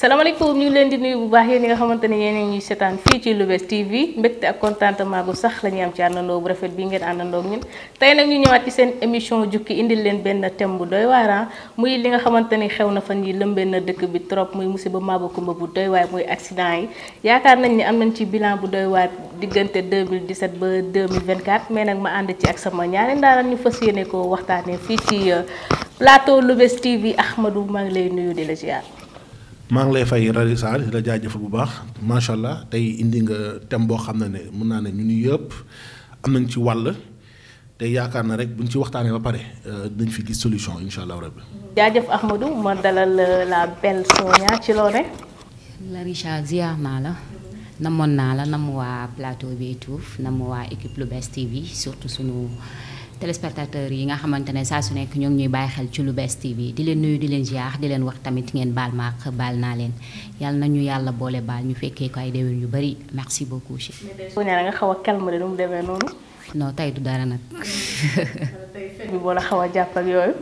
salaamaaleykum ñu ngi leen di nuyu bu baax yéen ñi nga xamante ne yéen ñuy seetaan fii ci Lou'Bess TV mbégte ak contentement gu sax la am ci àndandoo bu rafet bi ngeen àndandoo ak ñun tey nag ñu ñëwaat ci seen émission jukki indil leen benn thème bu doy waar ah, muy nga xamante ni xew na fan yi lëmbee na dëkk bi trop muy musiba maaba kumba bu doy waar muy accident yi yaakaar nañ ni am nañ ci bilan bu doy waar diggante 2017 ba 2024 mais nag ma ànd ci ak sama ñaari ndaaraan ñu fas yéene ko waxtaanee fii ci euh, plateau Lou'Bess TV Ahmadou maa ngi lay nuyu di la ziar. maa ngi lay fay Rari Sarr la jaajëfal bu baax macha allah tey indi nga thème boo xam ne ne mun naa ne ñu ni yëpp am nañ ci wàll tey yaakaar na rek buñ ci waxtaanee ba pare euh, dañ fi gis solution incha allah rabbi. jaajëf Ahmadou ma dalal euh, la belle Sonia ci loone Larisha ziar naa la namoon naa la namu waa plateau bi et tout namu waa équipe Lou'Bess TV surtout suñu téléspectateurs yi nga xamante ne saa su nekk ñoo ngi ñuy bàyyi xel ci Lou'Bess TV di leen nuyu di leen ziar di leen wax tamit ngeen baal ma baal naa leen yàlla na ñu yàlla boole baal ñu fekkee ko ay déwén yu bari merci beaucoup. mais nga xaw a calme de nu mu demee noonu. non tey du dara nag. bi boo la xaw a jàpp yooyu.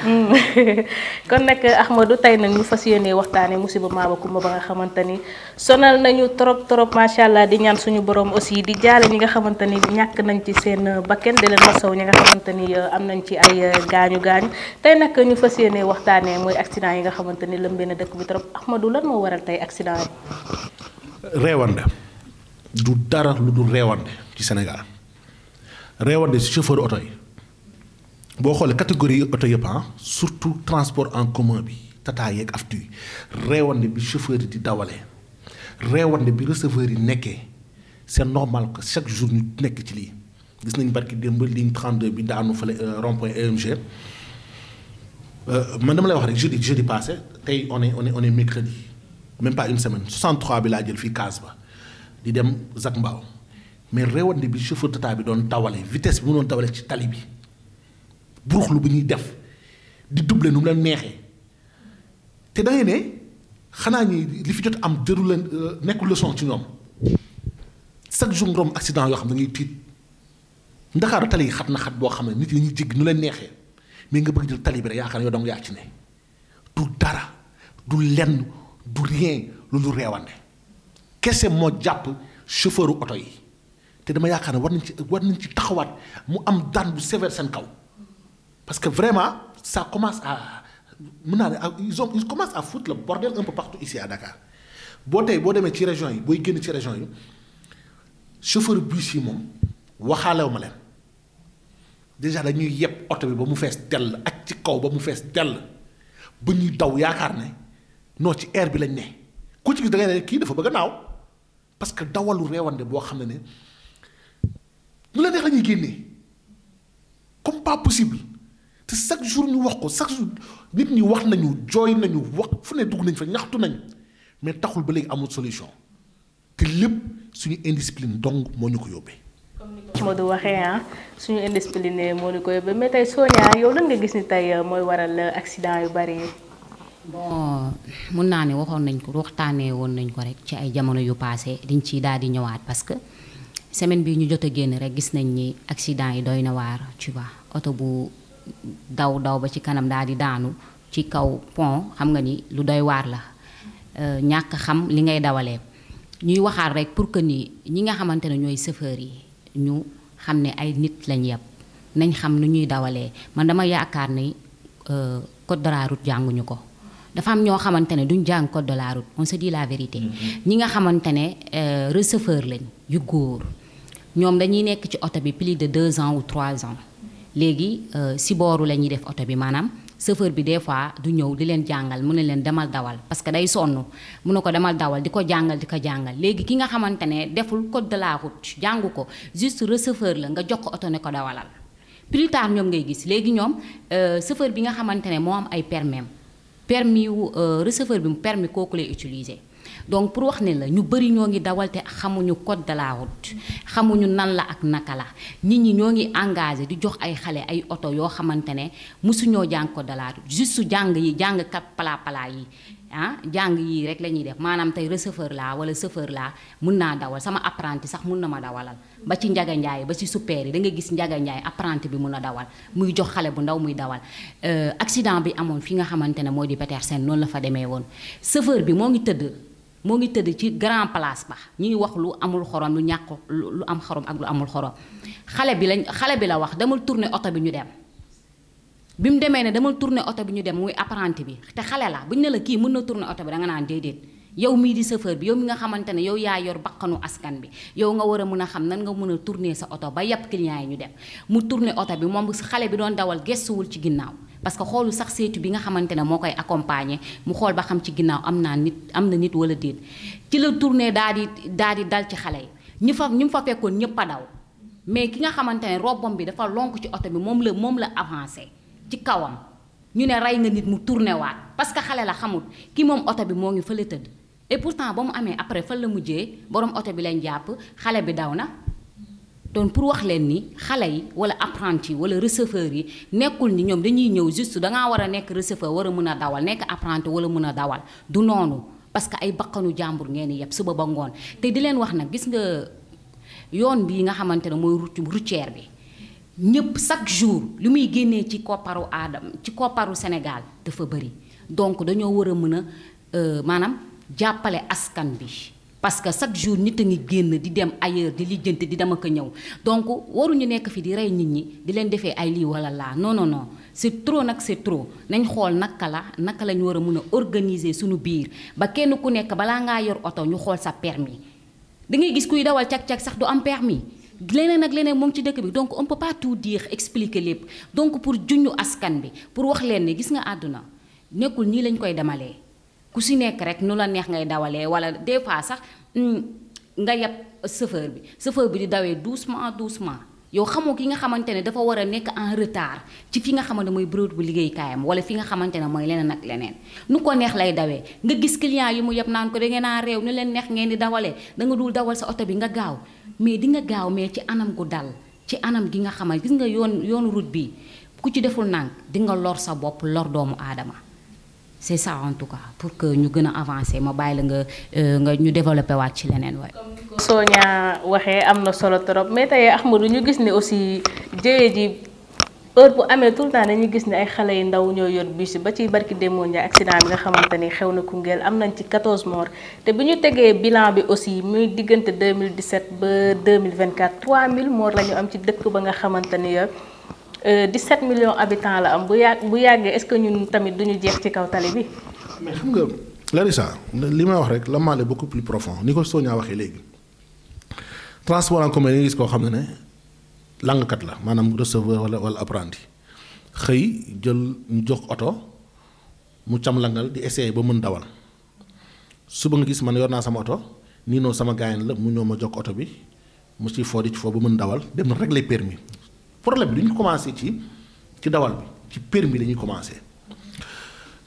Mm. kon nag eh, Ahmadou tey nag ñu fas yéene waxtaanee musiba Maba Coumba ba nga xamante ni sonal nañu trop trop macha allah di ñaan suñu borom aussi di jaale ñi nga xamante ni ñàkk nañ ci seen eh, bakken di leen masaw ñi nga xamante ni eh, am nañ ci ay gaañu gaañu tey nag ñu fas yéene waxtaanee mooy accident yi nga xamante ni lëmbee na dëkk bi trop Ahmadou lan moo waral tey accident yi. reewande du dara lu dul reewande ci Sénégal reewande ci chauffeur oto yi. boo xoolee catégorie oto yëpp ah surtout transport en commun bi tata yeeg aftu yi reewande bi chauffeur yi di dawalee reewande bi receveur yi nekkee c'est normal que chaque jour ñu nekk ci lii gis nañ barki démb ligne 32 bi daanu fale euh, rond-point EMG euh, man dama lay wax rek jeudi jeudi passé tey on est on est on est mercredi même pas une semaine 63 bi laa jël fii Kaas ba di dem Zac Mbao mais reewande bi chauffeur tata bi doon dawalee vitesse bi mu doon ci tali bi. buruxlu bi ñuy def di doublé nu mu leen neexee te da ngay ne xanaa ñi li fi jot am jëru leen euh, nekkul leçon ci ñoom chaque jour nga accident yoo xam ne da ngay tiit ndakaaru tali yi boo xam ne nit yi ñuy jéggi nu leen neexee mais nga bëgg jël tali bi rek yaakaar ne yow dong yaa ci ne du dara du lenn du rien lu lu reewande kese moo jàpp chauffeuru oto yi te dama yaakaar ne war nañ ci war nañ ci taxawaat mu am daan bu sévère seen kaw. parce que vraiment ça commence à mun naa ne ah, ils ont ils commencent à foutre la bordel un peu partout ici à Dakar boo tey boo demee ci région yi booy génn ci région yi chauffeur bus yi moom waxaalew ma leen déjà dañuy yeb oto bi ba mu fees dell ak ci kaw ba mu fees dell ba ñuy daw yaakaar ne non ci air bi lañ ne ku ci gis da ne kii dafa bëgg a naaw parce que dawalu réewande boo xam ne ne lu la neex la ñuy génnee comme pas possible. te chaque jour ñu wax ko chaque jour nit ñi wax nañu jooy nañu wax fu ne dugg nañ fa ñaxtu nañ mais taxul ba léegi amul solution te lépp suñu indiscipline donc moo ñu ko yóbbee. comme ni ko waxee ah, suñu indiscipline moo ñu mais tey Sonia yow lan nga gis ni tey mooy waral accident yu bari yi. bon mun naa ne waxoon nañ ko waxtaanee woon nañ ko rek ci ay jamono yu paase dañ ciy daal di ñëwaat parce que semaine bi ñu jot a génn rek gis nañ ni accident yi doy na waar tu daw daw ba ci kanam daal di daanu ci kaw pont xam nga ni lu doy waar la euh, ñàkk xam li ngay dawalee ñuy waxaat rek pour que ni ñi nga xamante ne ñooy chauffeur yi ñu xam ne ay nit lañ yeb nañ xam nu ñuy dawalee man dama yaakaar ni euh, code de la jànguñu ko dafa am ñoo xamante ne duñ jàng code de la route di la vérité. Mm-hmm. ñi nga xamante ne euh, receveur lañ yu góor ñoom dañuy nekk ci oto bi plus de deux ans ou trois ans. léegi euh, si booru la ñuy def oto bi maanaam chauffeur bi des fois du ñëw di leen jàngal mu ne leen demal dawal parce que day sonn mu ne ko demal dawal di ko jàngal di ko jàngal léegi ki nga xamante ne deful ko de la jàngu ko juste receveur la nga jox ko oto ne ko dawalal plus tard ñoom ngay gis léegi ñoom euh, chauffeur bi nga xamante ne moo am ay permis permis wu euh, receveur bi mu permi kooku lay utiliser donc pour wax ne la ñu bëri ñoo ngi dawal te xamuñu code de la xamuñu nan la ak naka la nit ñi ñoo ngi engagé di jox ay xale ay oto yoo xamante ne mosuñoo jàng code de la route jàng yi jàng kat pala yi ah jàng yii rek la ñuy def maanaam tey laa wala chauffeur laa mun naa dawal sama apprenti sax mun na ma dawalal ba ci njaga njaay ba ci super yi da nga gis njaga njaay bi mun a dawal muy jox xale bu ndaw muy dawal euh, accident bi amoon fi nga xamante ne moo di Petersen noonu la fa demee woon chauffeur bi moo ngi tëdd moo ngi tëdd ci grand place ba ñuy wax lu amul xorom lu ñàkk lu am xorom ak lu amul xorom xale bi lañ xale bi la wax demal tourner oto bi ñu dem bi mu demee ne demal tourner oto bi ñu dem muy apprenti bi te xale la buñ ne la kii mën na tourner oto bi danga naan déedéet yow mii di chauffeur bi yow mi nga xamante ne yow yaa yor bakkanu askan bi yow nga war a mën a xam nan nga mën a tourner sa oto ba yàpp client yi ñu dem mu tourner oto bi moom xale bi doon dawal gestuwul ci ginnaaw parce que xoolu sax seetu bi nga xamante ne moo koy accompagner mu xool ba xam ginnaaw am naa nit am na nit wala déet ci la tourner daa di daa di dal ci xale yi ñu fa ñu fa ñëpp a daw mais ki nga xamante ne robbam bi dafa lonk ci oto bi moom la moom la avancé ci kawam ñu ne rey nga nit mu tourner waat parce que xale la xamul ki moom oto bi moo ngi fële tëdd et pourtant ba mu amee après fan la mujjee borom oto bi lañ jàpp xale bi daw na donc pour wax leen ni xale yi wala apprenti wala receveur yi nekkul ni ñoom dañuy ñëw juste dangaa war a nekk receveur war a mën a dawal nekk apprenti wala mën a dawal du noonu parce que ay bakkanu jàmbur ngeen di yeb suba ba ngoon te di leen wax nag gis nga yoon bi nga xamante ne mooy route routière bi ñëpp chaque jour li muy génnee ci kopparu aadam ci kopparu Sénégal dafa bëri donc dañoo war a mën a euh, maanaam. jàppale askan bi parce que chaque jour nit a ngi génn di dem ailleurs di lijjante di dama ko ñëw donc waruñu nekk fi di rey nit ñi di leen defee ay lii wala laa non non non c'est trop nag c'est trop nañ xool naka la naka lañu war a mën a organiser suñu biir ba kenn ku nekk balaa ngaa yor oto ñu xool sa permis da ngay gis kuy dawal cag-cag sax du am permis leneen ak leneen moom ci dëkk bi donc on peut pas tout dire expliquer lépp donc pour juñu askan bi pour wax leen ne gis nga àdduna nekkul nii lañ koy demalee ku si nekk rek nu la neex ngay dawalee wala des fois sax hmm, nga yeb chauffeur bi chauffeur bi di dawee doucement doucement yow xamoo ki nga xamante ne dafa war a nekk en retard ci fi nga xamante mooy bërëb bu liggéeykaayam wala fi nga xamante ne mooy leneen ak leneen nu ko neex lay dawee nga gis client yi mu yeb naan ko da naa a réew nu leen neex ngeen di dawalee danga dul dawal sa oto bi nga gaaw mais di nga gaaw mais ci anam gu dal ci anam gi nga xamante gis nga yoon yoonu route bi ku ci deful nànk di nga lor sa bopp lor doomu aadama c'est cent en tout cas pour que ñu gën avancé avancer ma bàyyi nga euh, nga ñu développé waat ci leneen waay. Sonia waxee am na solo trop mais tey Ahmadou ñu gis ni aussi jëye ji heure bu amee tout le temps gis ne ay xale yu ndaw ñoo yor bus ba ci barki Demba Ndiaye accident bi nga xamante ni xew na Koungheul am nañ ci 14 morts te bu ñu tegee bilan bi aussi muy diggante deux mille 2017 ba 2024 3000 morts la ñu am ci dëkk ba nga xamante ni 17 euh, millions habitants la am bu yàgg bu yàggee est-ce que ñun tamit duñu jeex ci kaw tali bi. mais xam nga Larissa li may wax rek la mal est beaucoup plus profond ni ko Sonia waxee léegi transport en commun yi xam ne ne langkat la maanaam receveur wala wala apprenti xëy jël ñu jox oto mu cam langal di essayer ba mën dawal suba nga gis man yor naa sama oto nii noonu sama gaayan la mu ñëw ma jox oto bi mu ci foo di foo ba mën dawal dem na rek lay permis problème bi du ñu commencé ci ci dawal bi ci permis la ñuy commencé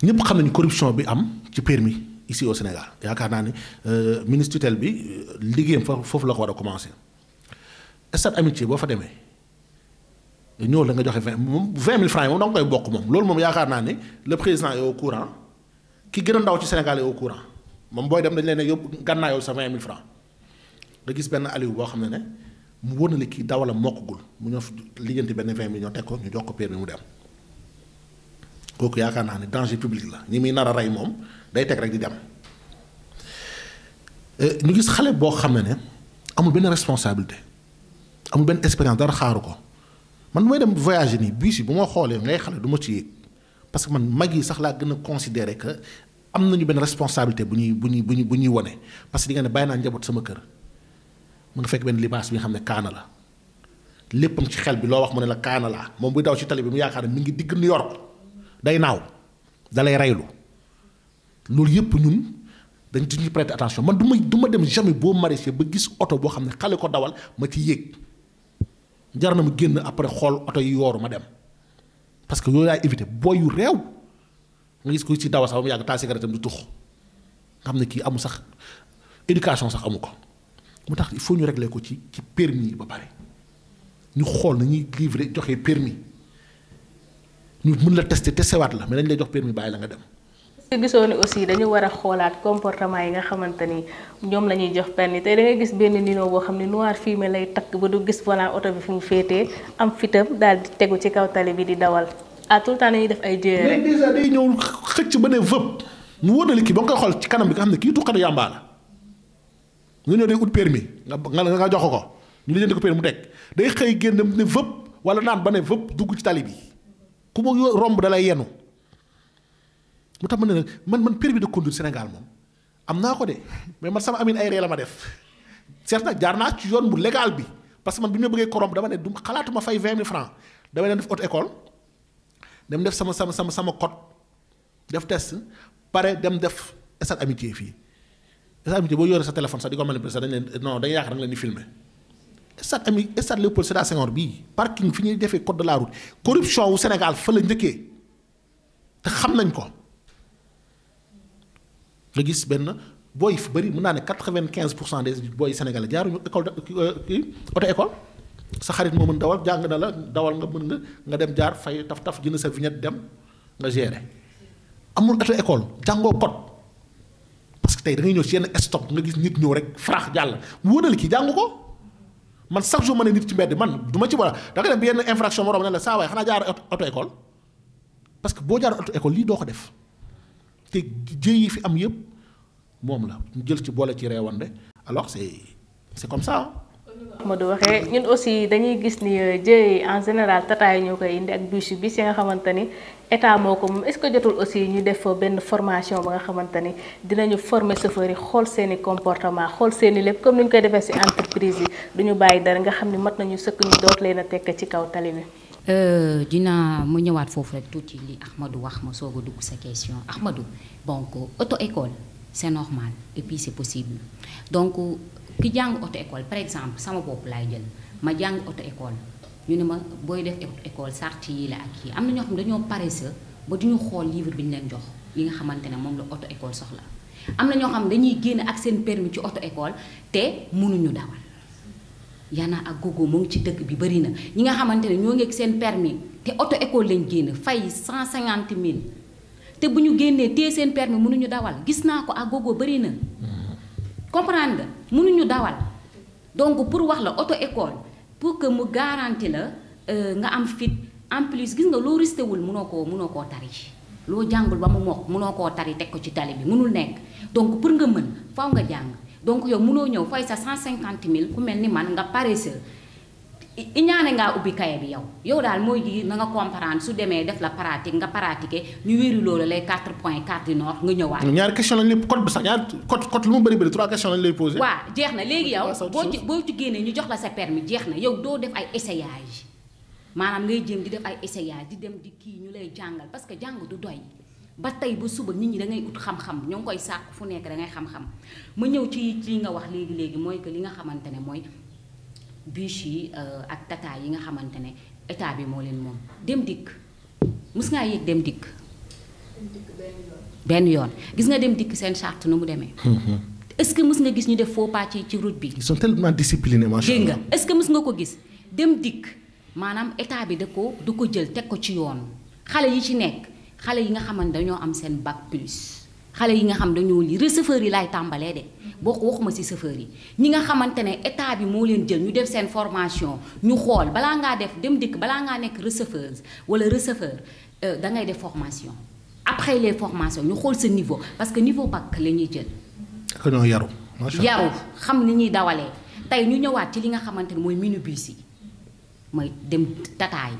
ñëpp xam nañu corruption bi am ci permis ici o Sénégal yaakaar naa ni euh, ministre tutelle bi euh, liggéeyam foofu la ko war a commencé stade amitié boo fa demee ñëw la nga joxe vingt moom vingt mille francs yi moom da nga koy bokk moom loolu moom yaakaar naa ne le président est courant ki gën a ndaw ci Sénégal est courant moom booy dem dañ leen ne yóbbu gànnaayoo sa vingt mille francs da gis benn Aliou boo xam ne ne. mu wóor na li kii dawala mokkagul mu ñëw liggéenti benn vingt millions teg ko ñu jox ko permis mu dem kooku yaakaar naa ne danger publique la ñi muy nar a rey moom day teg rek di dem euh, ñu gis xale boo xam ne ne amul benn responsabilité amul benn expérience dara xaaru ko man mooy dem voyage nii bus yi bu ma xoolee ngay xale du ma ci yéeg parce que man mag yi sax laa gën a considérer que am ñu benn responsabilité bu ñuy bu ñuy bu ñuy bu ñuy wone parce que di nga ne bàyyi naa sama kër. mu nga fekk benn libaas bi nga xam ne kaana la léppam ci xel bi loo wax mu ne la kaana laa moom buy daw ci tali bi mu yaakaar ne mu ngi digg New York day naaw dalay reylu loolu yëpp ñun dañ ci ñu prêter attention man du ma du ma dem jamais boo maraîcher ba gis oto boo xam ne xale ko dawal ma ci yéeg jar na mu génn après xool oto yi yooru ma dem parce que yooyu laay éviter booy yu réew nga gis ko ci dawal sax ba mu yàgg taal cigarette am di tux nga xam ne kii amul sax éducation sax amu ko. mu tax il faut ñu régler ko ci ci permis yi ba pare ñu xool na ñuy livrer joxe permis ñu mën la tester testewaat la mais dañ lay jox permis bàyyi la nga dem. parce que gisoo ni aussi dañu war a xoolaat comportement yi nga xamante ni ñoom la ñuy jox permis tey da gis benn nino boo xam ne fii fumier lay takk ba du gis volant oto bi fu mu féetee am fitam daal di tegu ci kaw tali bi di dawal à ah, tout le temps dañuy def ay jéeréer. mais déjà ba ne vëpp mu wóor na li kii ba nga xool ci kanam bi nga xam ne kii tuuxkat nga ñëw day ut permis nga nga jox ko ñu lijjanti ko permis mu teg day xëy génn ne vëpp wala naan ba ne vëpp dugg ci tali bi ku mu romb da lay yenu mu tax ma ne nag man man permis de conduire senegal moom am naa ko de mais man sama amin ay ree la ma def certes nag jaar naa ci yoon bu légal bi parce que man bi ñu ma bëggee corrompre dama ne du xalaatuma fay vingt mille francs damay dem def auto école dem def sama sama sama sama code def test pare dem def stade amitié fii. boo yore sa téléphone sax di ko mel ni président dañ leen non dañuy yaakaar da leen di filmer ami stade Léopold Sédar Senghor bii parking fi ñuy defee code de la route corruption wu senegal fa la njëkkee te xam nañ ko nga gis benn booy fu bari mën naa ne quatre-vingt-quinze pour cent des booy sénégalais jaaruñu école kii auto école sa xarit moo mën dawal jàng na la dawal nga mën nga nga dem jaar fay taf taf jënd sa vignette dem nga gérer amul auto école jàngoo code. parce que tey da ngay ñëw si yenn stop nga gis nit ñëw rek farax jàll mu wóonal kii jàng ko man chaque jour ma ne nit ci mbedd man du ma ci war da nga dem bi yenn infraction morom ne la saa xanaa jaar auto école parce que boo jaar auto école lii doo ko def te jéy yi fi am yëpp moom la mu jël ci boole ci reewande alors c'est c'est comme ça Amadou waxee ñun aussi dañuy gis ni euh, jëye en général tata yi ñoo koy indi ak bus bi si nga xamante ni état moo ko moom est-ce que jotul aussi ñu def benn formation ba nga xamante ni dinañu former chauffeur yi xool seeni i comportement xool seen lépp comme ni ñu koy defee si entreprise yi duñu bàyyi dara nga xam ni mat nañu sëkk ñu doot leen a tekk ci kaw tali bi. Euh, dina mu ñëwaat foofu rek tuuti li Ahmadou wax ma soog a dugg sa question Ahmadou donc auto école c'est normal et puis ki jàng auto école par exemple sama bopp laay jël ma jàng auto école ñu ne ma booy def école sart yi la ak yi am na ñoo xam dañoo paresseux ba duñu xool livre bi ñu leen jox li nga xamante ne moom la auto école soxla am na ñoo xam dañuy génn ak seen permis ci auto école te mënuñu dawal yana ak gogo mu ngi ci dëkk bi bari na ñi nga xamante ne ñoo ngeeg seen permis te auto école lañ génn fay 150 000 te bu ñu génnee téye seen permis mënuñu dawal gis naa ko ak gogo bari na comprendre nga mënuñu dawal donc pour wax la auto école pour que mu garanti la euh, nga am fit en plus gis nga loo ristéwul mënoo koo mënoo koo tari loo jàngul ba mu mokk mënoo koo tari teg ko ci tali bi mënul nekk donc pour nga mën faaw nga jàng donc yow mënoo ñëw fay sa cinquante mille ku mel ni man nga paresseux iñaane ngaa ubbi kaye bi yow yow daal mooy ji na nga comprendre su demee def la pratique nga pratiquer ñu wéeru loolu lay 4 point 4 du nord nga ñëwaat. ñaari question lañ lay code bi sax ñaari code code lu mu bëri bëri 3 questions lañ léegi yow boo ci boo ci génnee ñu jox la sa permis jeex na yow doo def ay essayage maanaam ngay jéem di def ay essayage di dem di kii ñu lay jàngal parce que jàng du doy ba tey ba suba nit ñi da ngay ut xam-xam ñoo ngi koy sàkk fu nekk da ngay xam ma ñëw ci ci nga wax léegi léegi mooy que li nga xamante ne mooy. biche yi euh, ak tata yi nga xamante ne état bi moo leen moom dem dikk mus ngaa yéeg dem dikk. benn yoon gis nga dem dikk seen charte nu mu demee. Hmm, hmm. est-ce que mës nga gis ñu def faux pas ci ci route bi. ils sont tellement disciplinés macha allah dégg nga nga ko gis dem dikk maanaam état bi da ko du ko jël teg ko ci yoon xale yi ci nekk xale yi nga xamante dañoo am seen bac plus. xale yi nga xam dañoo lire chauffeur yi laay tàmbalee de boo waxuma ci chauffeur yi ñi nga xamante ne état bi moo leen jël ñu def seen formation ñu xool balaa ngaa def dem dikk balaa ngaa nekk receveur wala receveur euh, da ngay def formation après les formation ñu xool sa niveau parce que niveau bac la ñuy jël. dañoo yaru. yaru xam ni ñuy dawalee tey ñu ñëwaat ci li nga xamante ne mooy minibus yi mooy dem tata yi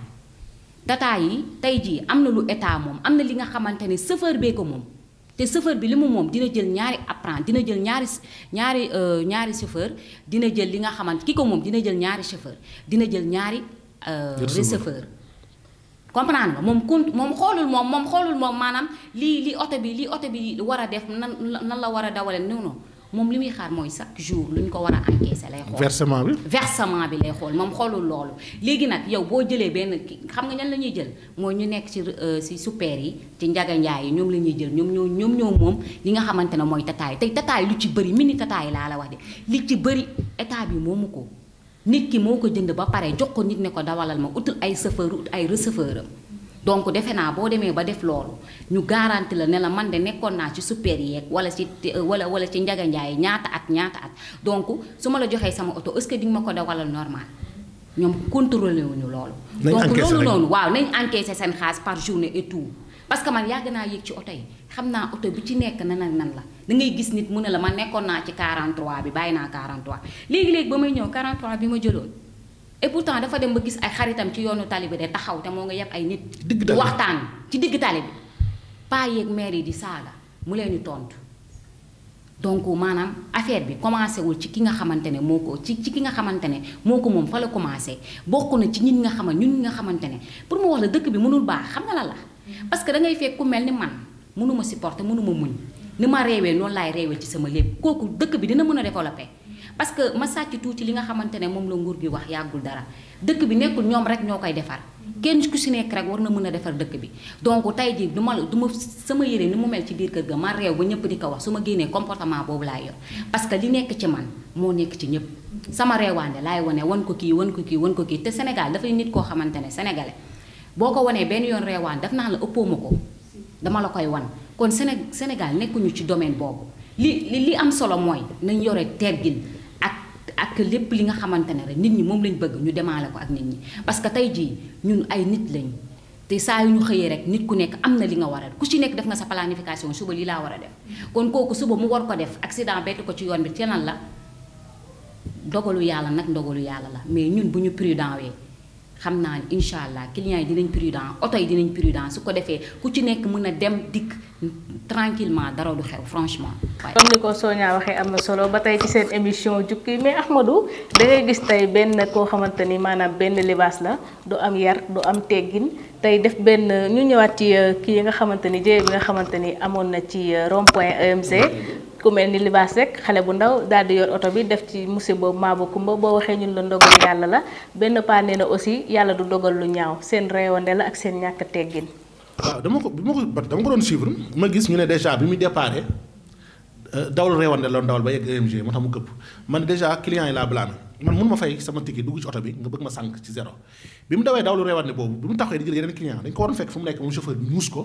tata yi tey jii am na lu état moom am na li nga xamante ne chauffeur ko moom. te chauffeur bi li mu moom dina jël ñaari apprenti dina jël ñaari ñaari euh, ñaari chauffeur dina jël li nga xamante ki ko moom dina jël ñaari chauffeur dina jël ñaari receveur euh, comprendre nga moom kun moom xoolul moom moom xoolul moom maanaam lii li oto bi lii oto bi war a def nan nan la war a dawale non non moom li muy xaar mooy chaque jour lu ñu ko war a encaisser lay xool. versement bi versement bi lay xool moom xoolul loolu. léegi nag yow boo jëlee benn xam nga ñan la ñuy jël mooy ñu nekk ci euh, ci super yi ci njaga njaay yi ñoom la ñuy jël ñoom ñoo ñoom ñoo moom li nga xamante ne mooy tataay tey tataay lu ci bëri mini tataay laa la wax de li ci bëri état bi moomu ko nit ki moo ko jënd ba pare jox ko nit ni ko dawalal ma utul ay chauffeur ay receveur am donc defe naa boo demee ba def loolu ñu garanti la ne la man de nekkoon naa ci super yeeg wala ci wala wala ci njaganjaay ñaata at ñaata at donc su ma la joxee sama oto est que di nga ma ko dawalal normal ñoom contrôlé wuñu loolu. donc loolu noonu waaw nañ encaissé seen xaalis par journée et tout. parce que man yàgg naa yéeg ci oto yi xam naa oto bi ci nekk nan ak nan la da ngay gis nit mu ne la ma nekkoon naa ci 43 bi bàyyi naa 43 léegi léegi ba may ñëw 43 bi ma jëloon. et pourtant dafa dem ba gis ay xaritam ci yoonu tali bi de taxaw te moo nga yeb ay nit. digg waxtaan ci digg tali bi. paa yeeg maire yi di saaga mu leen di tontu donc maanaam affaire bi commencé wul ci ki nga xamante ne moo ko ci ki nga xamante ne moo ko moom fa la commencé bokk na ci ñun nga xama ñun nga xamante ne pour mu wax la dëkk bi mënul baax xam nga la la. Mm-hmm. parce que da ngay ku mel ni man mënuma supporter mënuma muñ ni ma réewee noonu laay réewee ci sama lépp kooku dëkk bi dina mën a développer. parce que ma sàcc tuuti li nga xamante ne moom la nguur gi wax yàggul dara dëkk bi nekkul ñoom rek ñoo koy defar kenn ku si nekk rek war na mën a defar dëkk bi donc tey jii du ma du ma sama yére ni mu mel ci biir kër ga ma réew ba ñëpp di ko wax su ma génnee comportement boobu laay yor parce que li nekk ci man moo nekk ci ñëpp sama réewaande laay wane wan ko kii wan ko kii wan ko kii te Sénégal dafay nit koo xamante ne sénégalais boo ko wanee benn yoon reewaan daf naa la ëppoo ko dama la koy wan kon Séné Sénégal nekkuñu ci domaine boobu li li am solo mooy nañ yore teggin ak lépp li nga xamante ne rek nit ñi moom lañ bëgg ñu demaale ko ak nit ñi parce que tey jii ñun ay nit lañ te saa yu ñu xëyee rek nit ku nekk am na li nga war a ku ci nekk def nga sa planification suba lii laa war a def kon kooku suba mu war ko def accident bett ko ci yoon bi te lan la dogalu yàlla nag ndogalu yàlla la mais ñun bu ñu prudent wee xam naa ne incha allah clients yi dinañ prudent oto yi dinañ prudent su ko defee ku ci nekk mën a dem dikk tranquillement dara du xew franchement. comme ni ko Sonia waxee am na solo ba tey ci seen émission jukki mais Ahmadou da ngay gis tey benn koo xamante ni maanaam benn libaas la du am yar du am teggin tey def benn ñu ñëwaat ci euh, kii yi nga xamante ni jéeg bi nga xamante ni amoon na ci euh, rond point EMC. ku mel ni libaas rek xale bu ndaw daal di yor oto bi def ci musiba maaba kumba boo waxee ñun la ndogal yàlla la benn paa nee na aussi yàlla du dogal lu ñaaw seen reewande la ak seen ñàkk teggin. waaw dama ko dama ko dama ko doon suivre ma gis ñu ne déjà bi muy déparé euh, dawal reewande la dawal ba e man déjà client yi laa blâmé man ma fay sama ticket dugg ci oto bi nga bëgg ma sànq ci zéro bi mu dawee dawlu reewande boobu bi mu taxawee di ko waroon fekk mu nekk moom chauffeur bi ñuus ko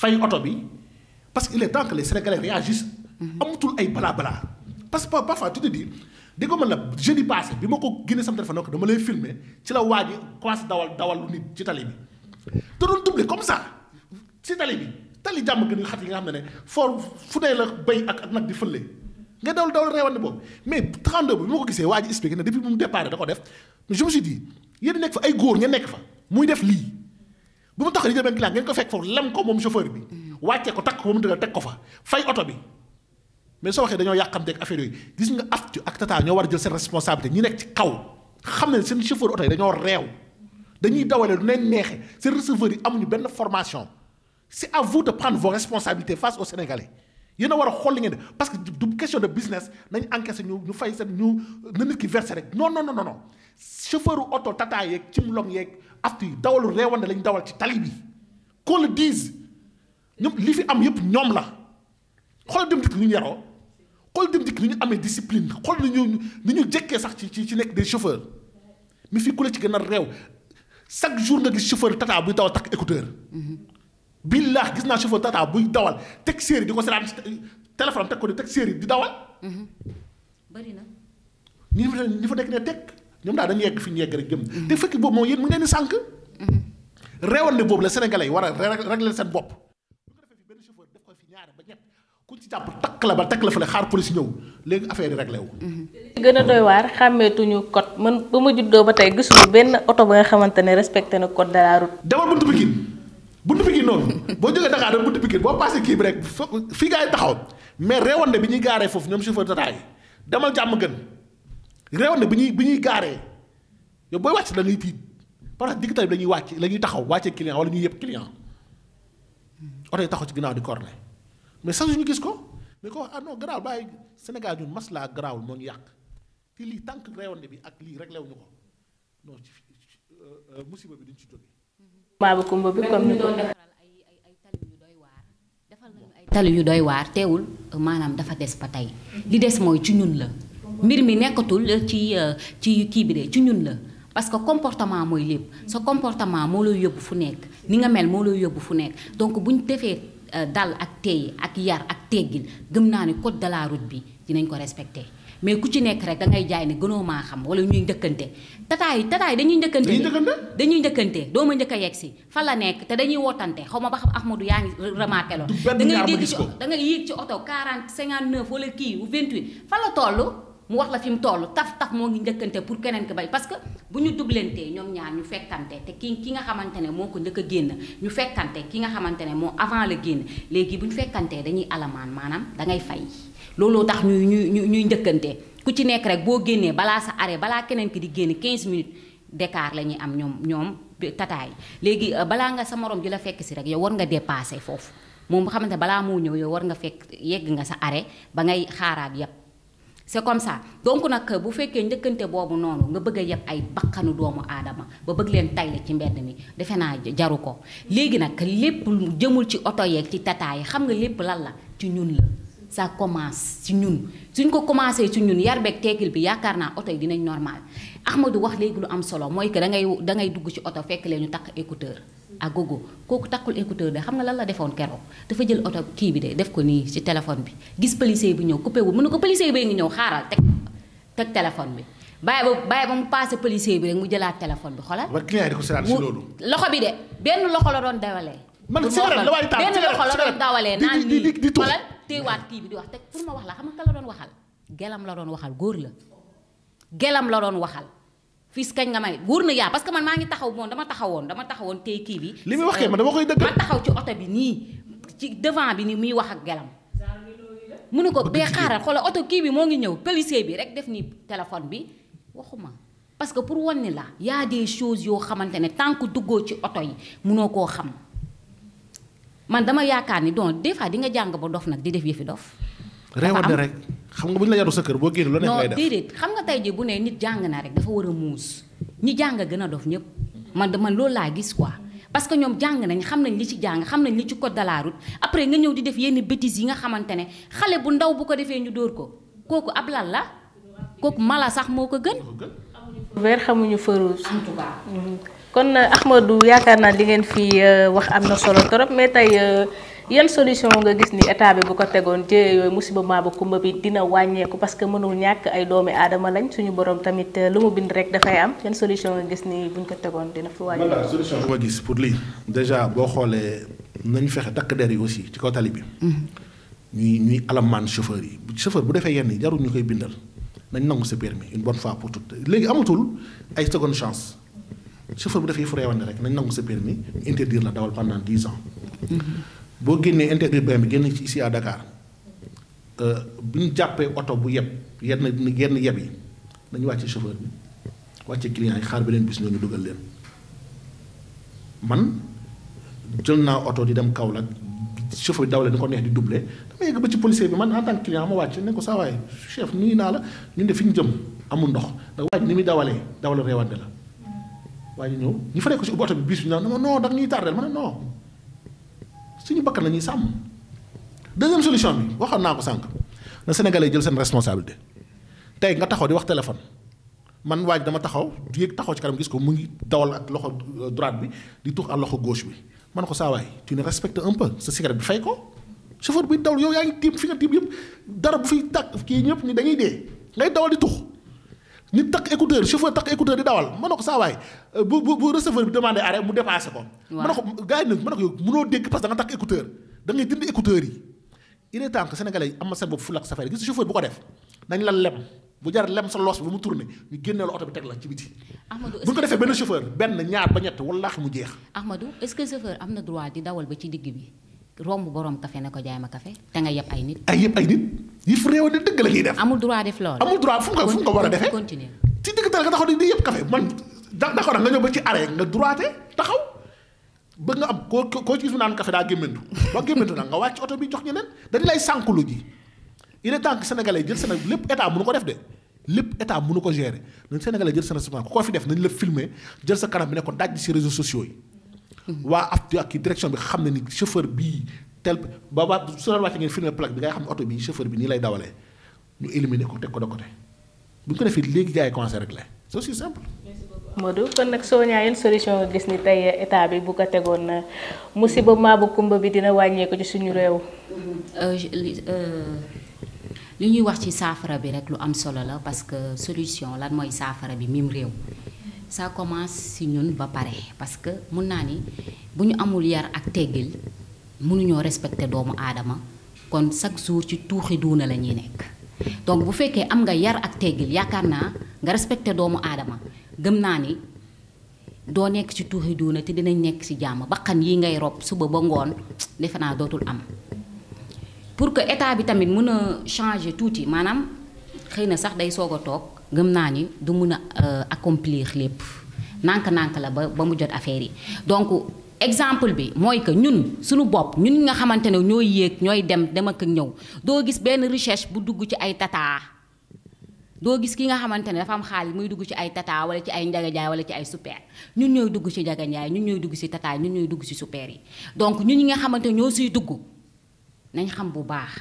fay oto bi parce que que les Sénégalais réagissent amatul ay balaa balaa parce que parfois tu te di ko mën la jeudi passé bi ma ko génne sama téléphone ko dama lay filmer ci la waa ji commencé dawal dawal lu nit ci tali bi te doon doublé comme ça ci tali bi tali jàmm gën nga xat yi nga xam ne ne for fu ne la béy ak ak nag di fële nga dawal dawal reewande boobu mais 32 bi ma ko gisee waa ji expliqué ne depuis bu mu départ da ko def je me suis dit nekk fa ay góor nga nekk fa muy def lii bu mu tax di jël benn client ngeen ko fekk foofu lem ko moom chauffeur bi wàccee ko takk ko ba mu teg ko fa fay oto bi. mais soo waxee dañoo yàqamteeg affaire yooyu gis nga aftu ak tata ñoo war a jël seen responsabilité ñi nekk ci kaw xam ne seen chauffeur oto yi dañoo réew dañuy dawalee lu leen neexee seen receveurs yi amuñu benn formation c'est à vous de prendre vos responsabilités face aux Sénégalais yéen war a xool li ngeen def parce que du question de business nañ encaissé ñu ñu fay seen ñu na nit ki versé rek non no no non chauffeur oto tata yeeg cimlong yeeg aftu yi dawalu réewande lañ dawal ci tali bi qu'on le dise ñoom li fi am yëpp ñoom la xoolal dem dikk ñu yaroo xool dem dikk ni ñu amee discipline xool ni ñu ni ñu jekkee sax ci ci nekk des chauffeurs mi fii ku la ci gën a réew chaque jour nga gis chauffeur tata buy dawal takk écouteur. Mm-hmm. billaah gis naa chauffeur tata buy dawal teg série di ko seetaan téléphone am teg ko di teg série di dawal. Mm-hmm. bëri na. ñi fa ñi fa nekk ne teg ñoom fi ñu yegg rek jëm. Mm-hmm. te fekk boobu moom yéen mu ngeen di sànq. réewande boobu la sénégalais yi war a régler seen bopp. ku ci jàpp takk la ba takk la fële xaar police ñëw léegi affaire yi réglé wu. a doy waar xàmmeetuñu code man ba ma juddoo ba tey gisuñu benn oto ba nga xamante ne respecté na code de la route. demal buntu Pikine buntu Pikine noonu boo jógee Dakar rek buntu Pikine boo paasee kii bi rek fii gars yi taxaw mais réewande bi ñuy gaaree foofu ñoom chauffeur Tata yi demal jàmm gën bi ñuy bi ñuy gaaree yow booy wàcc da ngay tiit parce que digg tali bi dañuy wàcc la taxaw wàccee client wala ñuy yëpp client oto yi taxaw ci ginnaaw di corner mais sax ñu gis ko mais ko wax ah non garaaw bàyyi Sénégal ñun maslaa ñu yàq te lii tànk réewande bi ak lii réglé wuñu ko non ci euh, euh, musiba ci jóge. baaba ay ay ay tali yu doy waar defal nañu ay tali yu doy waar teewul euh, maanaam dafa des ba tey li des mooy ci ñun la mbir mi nekkatul ci ci kii bi de ci ñun la. parce que comportement mooy lépp sa comportement moo lay yóbbu fu nekk ni nga mel moo lay yóbbu fu nekk donc bu ñu defee Euh, dal ak téye ak yar ak teggil gëm naa ne code de la bi dinañ ko respecté mais ku ci nekk rek da ngay jaay ni gënoo maa xam wala ñuy njëkkante tataay yi tataay dañuy njëkkante dañuy njëkkante doo ma njëkk a si fa la nekk te dañuy wootante xaw ma ba xam Ahmadou yaa ngi remarqué lool da ngay dégg ci oto ngay yéeg ci oto 40 59 wala kii 28 fa la toll mu wax la fi mu toll taf taf moo ngi njëkkante pour keneen ki bay parce que bu ñu dublantee ñoom ñaar ñu fekkante te ki ki nga xamante ne moo ko njëkk a génn ñu fekkante ki nga xamante ne moo avant la génn léegi bu ñu fekkantee dañuy alamaan maanaam dangay fay looloo tax ñuy ñuy ñuy njëkkantee ku ci nekk rek boo génnee balaa sa arrêt balaa keneen ki di génn 15 minutes d'écart la ñuy am ñoom ñoom tataay léegi euh, balaa nga sa morom ji la fekk si rek yow war nga dépassé foofu moom nga xamante moo ñëw yow war nga fekk yegg nga sa arrêt ba ngay xaaraat yépp c' est comme ça donc nag bu fekkee njëkkante boobu noonu nga bëgg a yeb ay bakkanu doomu aadama ba bëgg leen tayle ci mbedd mi defe naa jaru ko léegi nag lépp lu jëmul ci oto yeeg ci tata yi xam nga lépp lan la ci ñun la ça commence ci ñun suñ ko commencé ci ñun yar beeg teekil bi yaakaar naa oto yi dinañ normal Ahmadou wax léegi lu am solo mooy que da ngay da ngay dugg ci oto fekk leen ñu taq écouteur ak gogo kooku takkul écouteur de xam nga lan la defoon keroog dafa jël oto kii bi de def ko nii ci téléphone bi gis policier bi ñëw coupé wu mu ne ko policier bi ngi ñëw xaaral teg teg téléphone bi bàyyi ba bàyyi ba mu passé policier bi rek mu jëlaat téléphone bi xoolal. waaw client di ko seetaan loxo bi de benn loxo la doon dawalee. man cigarette benn loxo la doon dawalee naan nii xoolal téewaat kii bi di wax teg pour ma wax la xam nga ka la doon waxal. gelam la doon waxal góor la gelam la doon waxal. fii kañ nga may góor na yaa parce que man maa ngi taxaw moom dama taxawoon dama tey kii bi. li muy waxee kay man dama koy dëgg. ma taxaw ci oto bi nii ci devant bi nii muy wax ak gelam. mu ne ko bee xaaral xoolal oto kii bi moo ngi ñëw policier bi rek def ni téléphone bi waxuma parce que pour wan ni la yaa a des yoo xamante ne tant que duggoo ci oto yi munoo koo xam man dama yaakaar ni doon des fois nga jàng ba dof nag di def yëfi dof. dafa am rek xam nga bu ñu la yaru sa kër boo génn lu nekk lay def non déedéet xam nga tey jii bu ne nit jàng na rek dafa war a muus ñi jàng gën a dof ñëpp man de man loolu laa gis quoi. parce que ñoom jàng nañ xam nañ li ci jàng xam nañ li ci code de la après nga ñëw di def yenn bitis yi nga xamante ne xale bu ndaw bu ko defee ñu dóor ko kooku ab lal la kooku mala sax moo ko gën. weer xamuñu farouche. en tout cas. Mm-hmm. kon Ahmadou yaakaar naa li ngeen fi euh, wax am na solo trop yan solution nga gis ni état bi bu ko tegoon jéye yooyu musiba maaba kumba bi dina wàññeeku parce que mënul ñàkk ay doomi aadama lañ suñu borom tamit eh, lu mu bind rek dafay am yan solution nga gis ni buñ ko tegoon dina fi wàññeeku. voilà bu ma gis pour lii déjà boo xoolee nañu fexe takk der yi aussi ci kaw tali bi. Mm-hmm. ñuy ñuy alamaan chauffeur yi chauffeur bu defee yenn yi jarul ñu koy bindal nañ nangu sa permis une bonne fois pour léegi amatul ay seconde chance chauffeur bu defee fu reewande rek nañ nangu sa permis ñu interdire la dawal pendant dix boo génnee interurbain bi génn ci ici à Dakar bu ñu jàppee oto bu yeb yenn yenn yeb yi dañu wàcce chauffeur bi wàcce client yi xaar beneen bis ñu dugal leen man jël naa oto di dem Kaolack chauffeur bi daw leen ni ko neex di doublé dama yegg ba ci policier bi man en tant que wàcc ne ko saa waay chef nuyu naa la ñun def fi ñu jëm amul ndox ndax waaj ni muy dawalee dawal réewante la waaye ñëw ñu fa nekk ci ubbi bi bis bi ñu naan non non da ñuy tardel ma ne suñu bakkan la sàmm deuxième solution bi waxoon naa ko sànq na Sénégalais jël seen responsabilité tey nga taxaw di wax téléphone man waaj dama taxaw yéeg taxaw ci kanam gis ko mu ngi dawal ak loxo euh, droite bi di tux ak loxo gauche bi man a ko saa waay tu ne respecte un peu sa cigarette bi fay ko chauffeur bi dawal yow yaa ngi tiim fi nga tiim yëpp dara bu fiy tàkk kii ñëpp ni dañuy dee ngay dawal di tux nit takk écouteur chauffeur takk écouteur di dawal mën na ko saa waay euh, bu bu bu receveur bi demandé arrêt mu dépassé ko. mën na ko gars yi nag mën na ko yow mënoo dégg parce que takk écouteur da dindi écouteur yi. il est temps am na seen bopp fulak safari gis chauffeur bu ko def nañ la lem bu jar lem sa loos bi ba mu tourné ñu génneel oto bi teg la ci biti. Ahmadou bu ko defee benn chauffeur benn ñaar ba ñett wallaahi mu jeex. Ahmadou est que chauffeur na droit di dawal ba ci digg bi. romb borom café ne ko jaay ma café te nga yeb ay nit. ay yeb ay nit yi fu réew dëgg la def. amul droit def loolu. amul droit fu mu a defee continuer ci dëgg tal nga taxaw di yeb café man d'accord nga ñëw ba ci arrêt nga droité taxaw bëgg nga am koo ci gis mu naan café daa gémmantu boo gémmantu nag nga wàcc oto bi jox ñeneen dañ lay sànkulu ji il est temps que sénégalais jël Sénégal lépp état nu ko def de lépp état mënu ko gérer nañ sénégalais jël sa responsabilité ku ko fi def nañ la filme jël sa kanam ko daj ci réseaux sociaux yi waa aftu ak direction bi xam ne ni chauffeur bii tel ba ba su doon wàcce ngeen firmer plaque bi ngay xam ne oto bii chauffeur bi nii lay dawalee ñu éliminer ko teg ko de côté bu ko defee léegi gars yi rek la c'est aussi simple. Modou kon nag soo ñaayeen solution nga gis ni tey état bi bu ko tegoon na musiba maabu kumba bi dina wàññeeku ci suñu réew. Euh, euh, li ñuy wax ci saafara bi rek lu am solo la parce que solution lan mooy saafara bi mim réew. sa commence si ñun ba pare parce que mun naa ni bu ñu amul yar ak teggil mënuñoo respecter doomu aadama kon chaque jour ci tuuxi duuna la ñuy nekk donc bu fekkee am nga yar ak teggil yaakaar naa nga respecter doomu aadama gëm naa ni doo nekk ci tuuxi duuna te dinañ nekk ci jàmm bakkan yi ngay rob suba ba ngoon defe naa dootul am pour que état bi tamit mun a changer tuuti maanaam xëy na sax day soog a toog gëm naa ni du mun a euh, accomplir lépp nànk-nànk la ba ba mu jot affaire yi donc exemple bi mooy que ñun suñu bopp ñun nga xamante ne ñooy yéeg ñooy dem dem ak ñëw doo gis benn recherche bu dugg ci ay tata doo gis ki nga xamante ne dafa am xaalis muy dugg ci ay tata wala ci ay njagajaay wala ci ay super ñun ñooy dugg ci njagajaay ñun ñooy dugg ci tata ñun ñooy dugg ci super yi donc ñun ñi nga xamante ñoo siy dugg nañ xam bu baax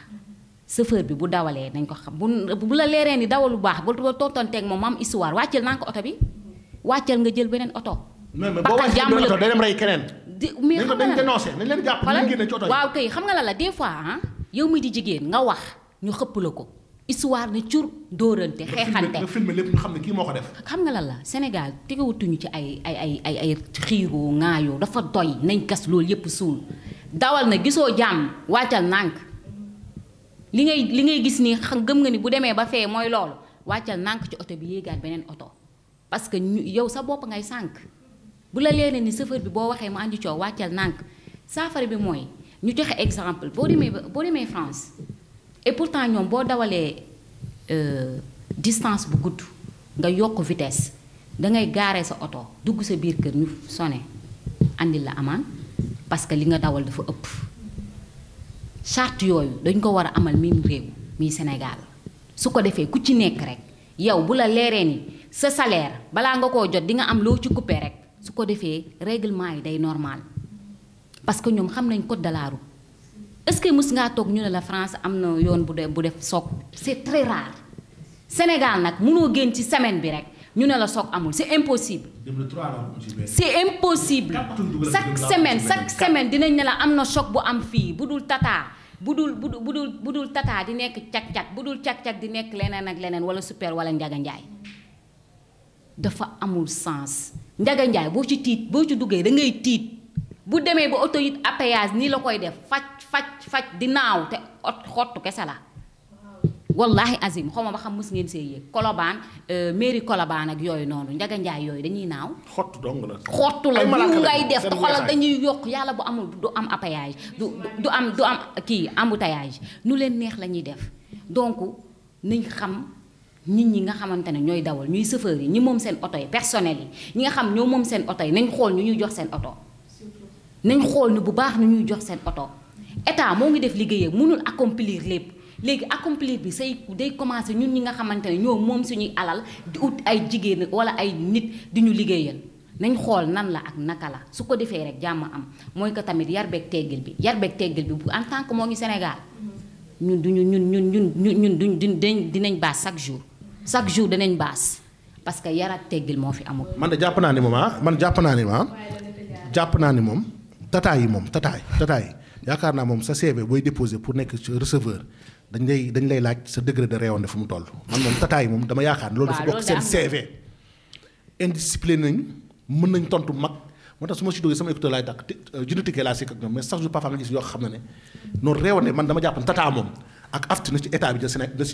chauffeur bi bu dawalee nañ ko xam bu bu la leeree ni dawalu baax ba tontonteeg moom am histoire wàccal naa ko oto bi wàccal nga jël beneen oto. parce que jàmm la day dem rey keneen. di mais xam nga la nañ leen xam nga la la des fois ah, yow mi di jigéen nga wax ñu xëpp la ko. histoire ne cur dóorante xeexante nga filmé lépp xam ne kii moo ko xam nga lan la Sénégal tegewutuñu ci ay ay ay ay ay xiiroo ŋaayoo dafa doy nañ gas loolu yépp suul dawal na gisoo jàmm wàccal nànk li ngay li ngay gis ni gëm nga ni bu demee ba fee mooy loolu wàccal nànk ci oto bi yéegaat beneen oto parce que ñu yow sa bopp ngay sànk bu la leene ni chauffeur bi boo waxee mu andi coow wàccal nànk saafara bi mooy ñu joxe exemple boo demee boo demee France et pourtant ñoom boo dawalee euh, distance bu gudd nga yokk vitesse dangay gaaree sa oto dugg sa biir kër ñu sone andil la amaan parce que li nga dawal dafa ëpp charte yooyu dañ ko war a amal mim réew mii Sénégal su ko defee ku ci nekk rek yow bu la leeree ni sa salaire balaa nga koo jot di nga am loo ci coupé rek su ko defee règlement yi day normal parce que ñoom xam nañ ko de la route que mës ngaa toog ñu ne la France am na yoon bu def bu def soog c'est très rare Sénégal nag mënoo génn ci semaine bi rek. ñu ne la soog amul c'est impossible. c'est impossible. chaque semaine chaque semaine dinañ ne la am na choc bu am fii bu dul tata bu dul bu dul bu dul tata di nekk cag-cag bu dul cag-cag di nekk leneen ak leneen wala super wala njaga njaay dafa amul sens njaga boo ci tiit boo ci duggee da ngay tiit bu demee ba autorité apayage nii la koy def faj faj faj di naaw te ot xottu kese la. wallahi azim xaw ma ba xam mës ngeen see yéeg kolobaan euh, mairie kolobaan ak yooyu noonu njaga njaay yooyu dañuy naaw xottu dong la xottu la lu ngay def dañuy yokk yàlla bu amul du am apayage du du am kii am kii embouteillage nu leen neex la ñuy def donc nañ xam nit ñi nga xamante ne ñooy dawal ñuy chauffeur yi ñi moom seen oto yi personnel yi ñi nga xam ñoo moom seen oto yi nañ xool ñu ñuy jox seen oto nañ xool ni bu baax nu ñuy jox seen oto état moo ngi def liggéeyam munul accomplir lépp léegi accomplir bi say day commencé ñun ñi nga xamante ne ñoo moom suñuy alal di ut ay jigéen wala ay nit di ñu liggéeyal nañ xool nan la ak naka la su ko defee rek jàmm am mooy que tamit yar beeg bi yar beeg teggil en tant que moo ngi Sénégal ñun duñu ñun ñun ñun ñun ñun duñ dinañ dinañ baas chaque jour chaque jour danañ baas parce que yar teggil moo fi amul. man de jàpp naa ni moom ah, man jàpp naa ni ma ah, jàpp naa ni moom tataay yi moom tataay tataay yaakaar naa moom sa CV booy déposé pour nekk receveur dañ lay dañ lay laaj sa degré de réewande fu mu toll man moom tataay moom dama yaakaar loolu dafa bokk seen CV indiscipline nañ mën nañ tontu mag moo tax su ma si duggee sama écouteur laay dàq euh, junni tikkee ne ne noonu réewande man dama jàpp ne tataa moom jël Sénégal na si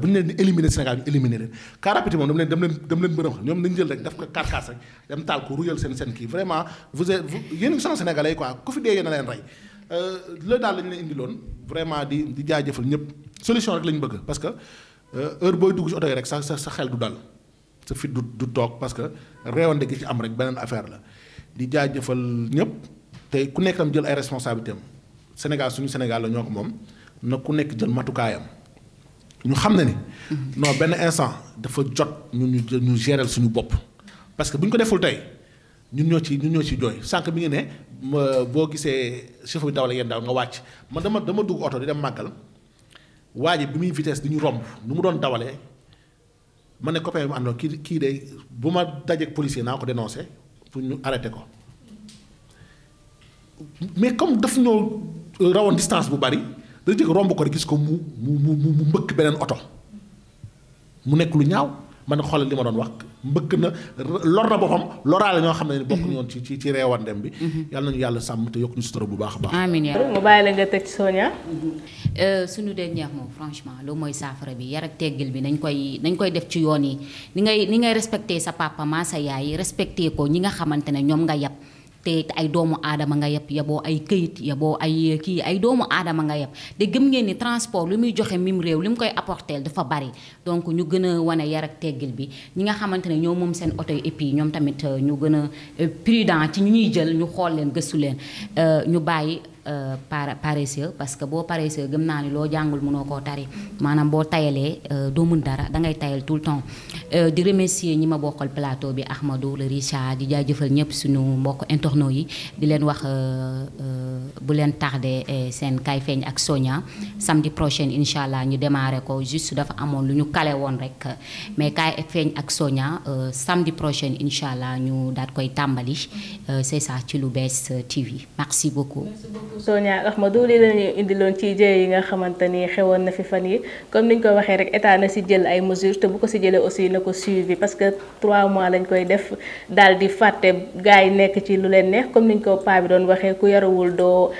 bu ñu leen di éliminer Sénégal ñu éliminer leen car moom dama leen dam leen bërëm xam ñoom nañ jël rek daf ko carcasse rek dem taal ko ruyal seen seen kii vraiment vous êtes yéen ngi son sénégalais quoi ku leen rey Euh, loolu daal lañ la indiloon vraiment di di jaajëfal ñëpp solution rek lañ bëgg parce que euh, heure booy dugg ci oto yi rek sa sa sa xel du dal sa fit du du toog parce que réewante gi ci am rek beneen affaire la di jaajëfal ñëpp te ku nekk tam jël ay responsabilités Sénégal suñu Sénégal la ñoo ko moom na ku nekk jël matukaayam ñu xam ne ni. Mhm. non benn instant dafa jot ñu ñu ñu gérer suñu bopp. parce que bu ñu ko deful tey ñun ñoo ci ñun ñoo ci jooy sànq bi ngi ne boo gisee chauffeur bi daw la daw nga wàcc man dama dama dugg oto di dem màggal waa ji bi muy vitesse di ñu romb nu mu doon dawalee ma ne copain bi mu kii kii de bu ma dajeeg policier naa ko dénoncé pour ñu arrêté ko mais comme daf ñoo euh, rawoon distance bu bari da jëkk romb ko rek gis ko mu mu mu mu mbëkk beneen oto mu nekk lu ñaaw ne xoolal li ma doon wax mbëkk na lor na boppam loraale ñoo xam ne bokk ñoon ci ci ci reewandem bi mhm. yàlla nañu yàlla sàmm te yokk ñu sutura bu baax a baax amiin yaa mu bàyyi la nga tëj Sonia mhm. euh, suñu dernier moom franchement lu mooy saafara bi yar ak teggil bi nañ koy nañ koy def ci yoon yi ni ngay ni ngay respecté sa papa ma sa yaay respecté ko ñi nga xamante ne ñoom nga yàpp te te ay doomu aadama nga yeb yaboo ay këyit yaboo ay eh, kii ay doomu aadama nga yeb te gëm ngeen transport li muy joxe mim réew li mu koy apporter dafa bari donc ñu gën a wane yar teggil bi ñi nga xamante ne ñoo moom seen oto yi et puis ñoom tamit eh, ñu gën a eh, prudent ci ñu ñuy jël ñu xool leen gëstu leen ñu bàyyi Euh, par paresseux parce que boo paresseux gëm naa ni loo jàngul mu mënoo koo tari maanaam boo tayalee euh, doo mën dara dangay tayal tout le temps euh, di remercier ñi ma bokkal plateau bi Ahmadou le Richard di jaajëfal ñëpp suñu mbokk internautes yi di leen wax bu leen tax de seen kay feeñ ak Sonia samedi prochain incha allah ñu démarré ko juste dafa amoon lu ñu kale woon rek mais kay feeñ ak Sonia samedi prochain incha allah ñu daat koy tàmbali c'est ça ci Lou'Bess TV merci beaucoup. Merci Sonia Ahmadou li la ñu indiloon ci jëye yi nga xamante ni xewoon na fi fan yi comme niñ koy waxee rek état na si jël ay mesures te bu ko si jëlee aussi na ko suivi parce que trois mois lañ koy def daal di fàtte gars yi nekk ci lu leen neex comme niñ ko paa bi doon waxee ku yarawul doo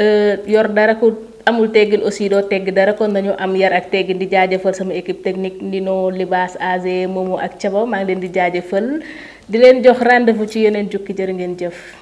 euh, yor dara ku amul teggin aussi doo tegg dara kon nañu am yar ak teggin di jaajëfal sama équipe technique noo Libaas Azé Momo ak cabaw maa ngi leen di jaajëfal di leen jox rendez ci yeneen jukki jërë ngeen jëf.